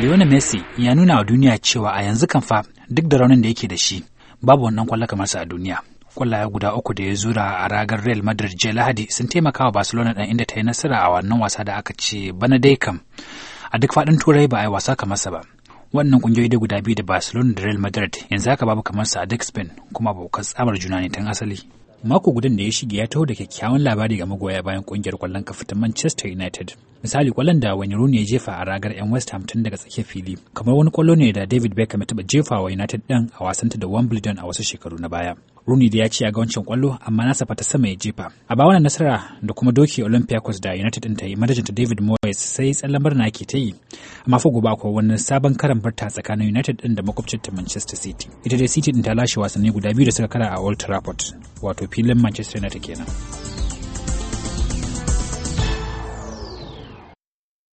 Lionel Messi ya nuna wa duniya cewa a yanzu kan fa duk da raunin da yake da shi babu wannan kwallo kamar sa a duniya. Kwallaye guda uku da ya zura a ragar Real Madrid jiya Lahadi sun taimaka wa Barcelona ɗan inda ta yi nasara a wannan wasa da aka ce bana dai kam. A duk faɗin Turai ba a yi wasa kamar sa ba. Wannan ƙungiyoyi da guda biyu da Barcelona da Real Madrid yanzu haka babu kamar sa a duk Spain kuma abokan tsamar juna ne tun asali. mako gudun da ya shige ya taho da kyakkyawan labari ga magoya bayan kungiyar kwallon kafa ta Manchester United. Misali kwallon da Wayne Rooney ya jefa a ragar 'yan West Ham tun daga tsakiyar fili, kamar wani kwallo ne da David Beckham ya taɓa jefa wa United ɗin a wasanta da Wimbledon a wasu shekaru na baya. Rooney da ya ci a ga wancan kwallo amma nasa fata sama ya jefa. A ba wannan nasara da kuma doki Olympiacos da United din ta yi manajanta David Moyes sai tsallan barna ke ta yi. Amma fa gobe akwai wannan sabon karan barta tsakanin United ɗin da ta Manchester City. Ita dai City ɗin ta lashe wasanni guda biyu da suka kara a Old Trafford wato filin Manchester United kenan.